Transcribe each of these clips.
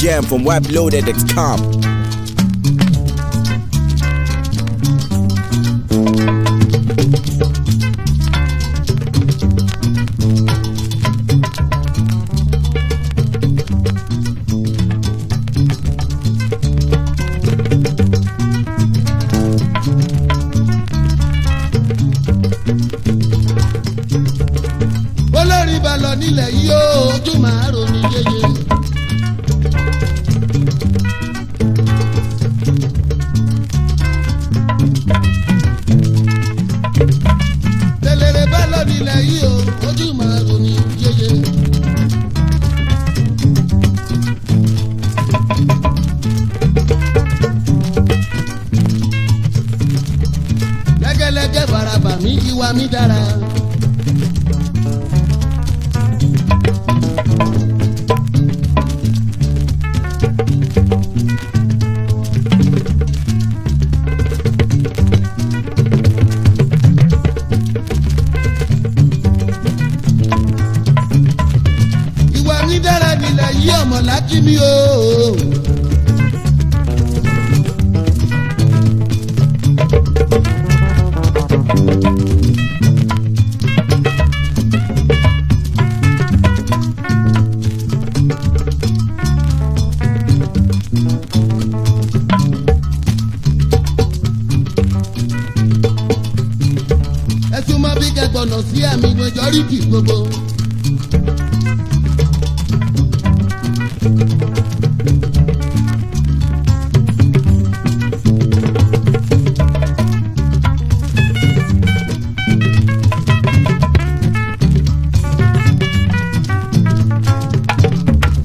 jam from webloaded.com. olórí balọ̀ nílẹ̀ yìí ó ojú màá ronú yéye. dára mi iwa mi dára. Iwa mi dára nílẹ̀ yí ọmọ láti mi ooo. sọnà sí ẹ̀mí majority gbogbo.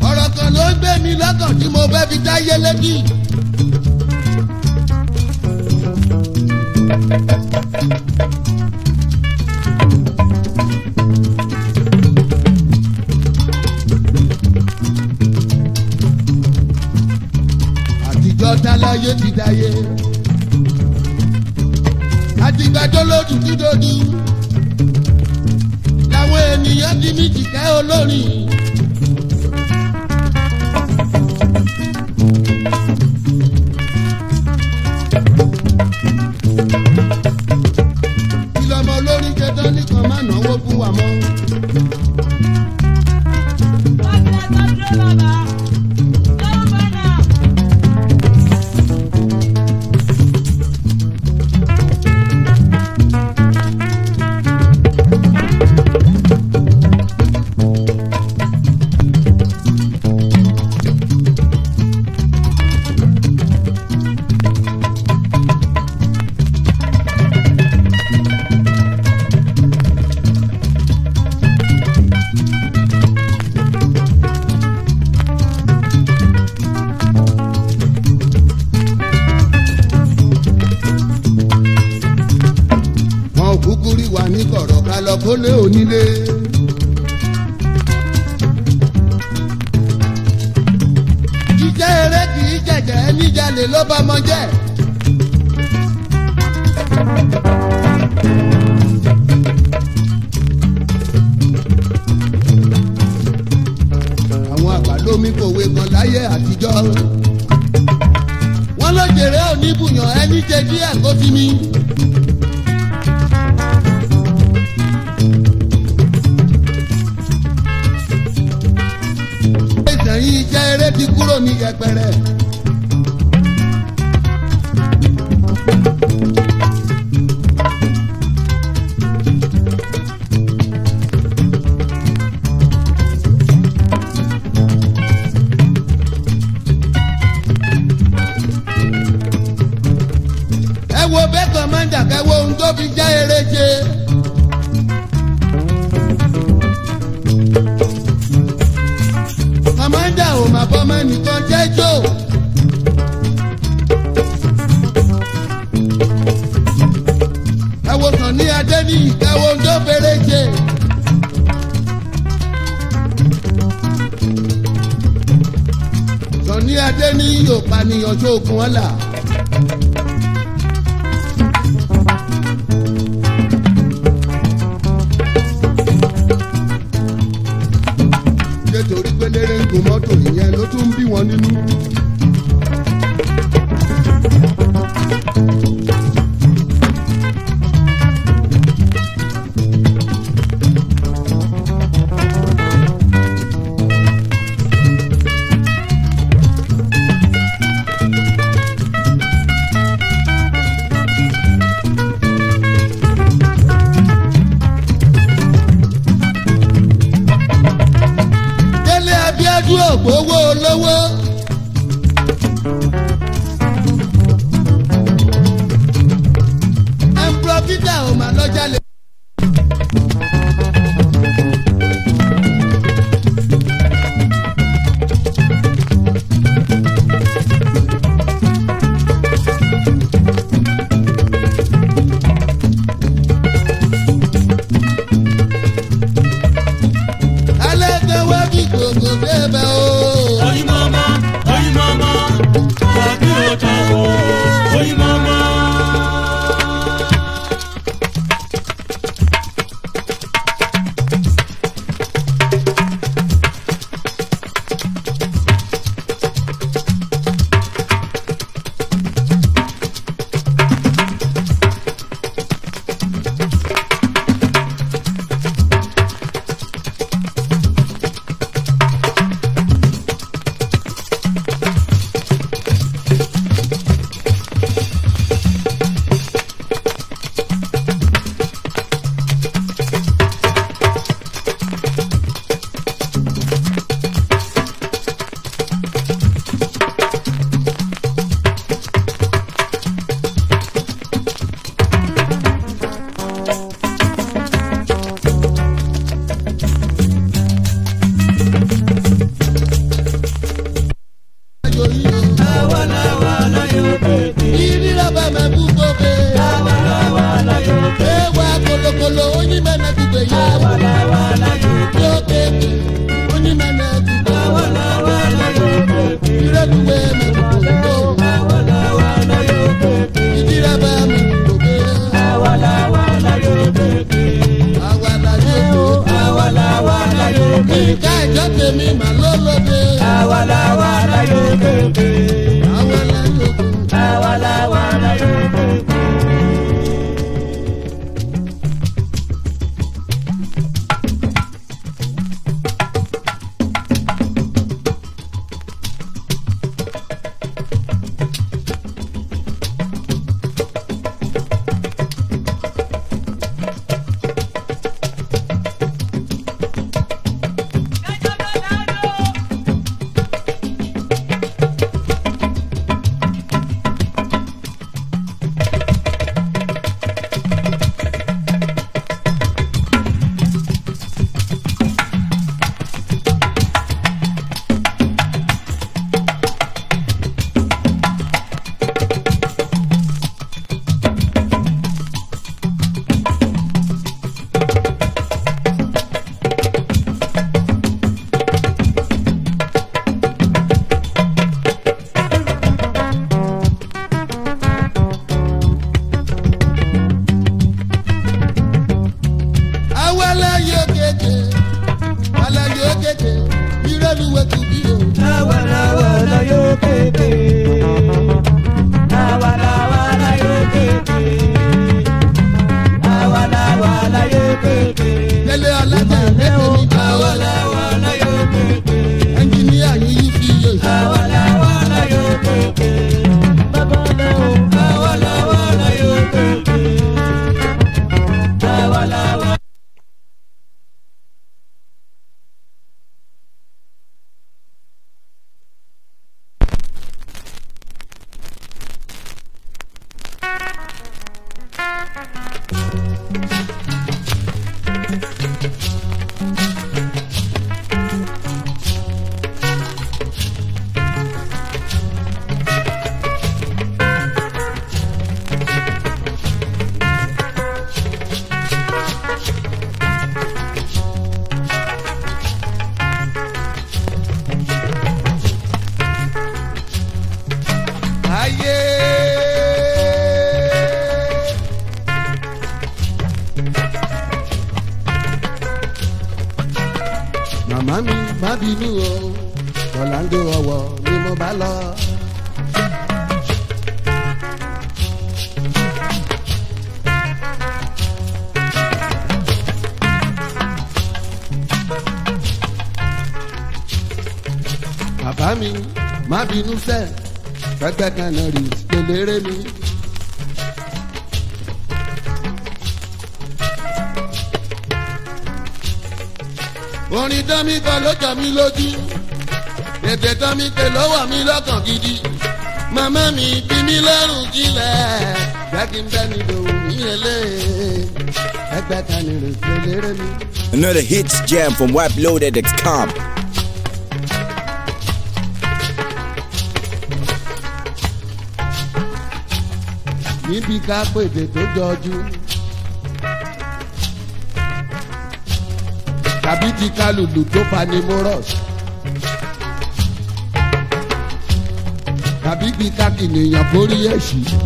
ọ̀rọ̀ kan ló ń gbé mi lọ́kàn tí mo fẹ́ fi dáyé lẹ́bí. ọ̀tá láyé ti dáyé. àtìgbàjọ́ lódù dídòdú làwọn ènìyàn ti mí jìkẹ́ olórin. lólè onílé. jíjẹ́ eré kì í jẹ̀jẹ̀ níjàlè ló bá mọ jẹ́. àwọn àgbà lómi kòwe kan láyé àtijọ́ wọ́n ló jèrè oníbùyàn ẹni jẹ díẹ̀ kó fi mi. ti kúrò ní yẹpẹrẹ. ẹ wo bẹ́ẹ̀ kọ́mọ́ndà kẹ́wọ́ ohun tó fi já eréje. ọmọ ẹnìkan jẹ́ jò. ẹ̀wọ̀n kan ní adé ní ìkẹwọ́n tó fẹ́rẹ́ jẹ. sọ ní adé ní yóò pànìyàn tó kún ọ́ gbogbo. olúwe tù na o. náwó náwó bínú o Ọ̀làǹdó ọ̀wọ̀ ni mo bá lọ. bàbá mi má bínú sẹ́ẹ̀ pẹ́pẹ́ kan náà rí lélẹ́rẹ́ mi. orin dámíkà ló jà mí lójú ètè dámíkà ló wà mí lọ́kàn gidi màmá mi bí mi lọ́rùn jílẹ̀ gbàgìmbẹ́ni lòun mi ẹlẹ́ẹ̀ ẹgbẹ́ta ni rẹ̀ fẹ́ lérè mi. Another hits jam from wipeloaded.com. níbi ká pèdè tó jọjú. tàbí ti kálùlù tó fani morus. tàbí ti kákìnìyàn forí ẹ̀sìn.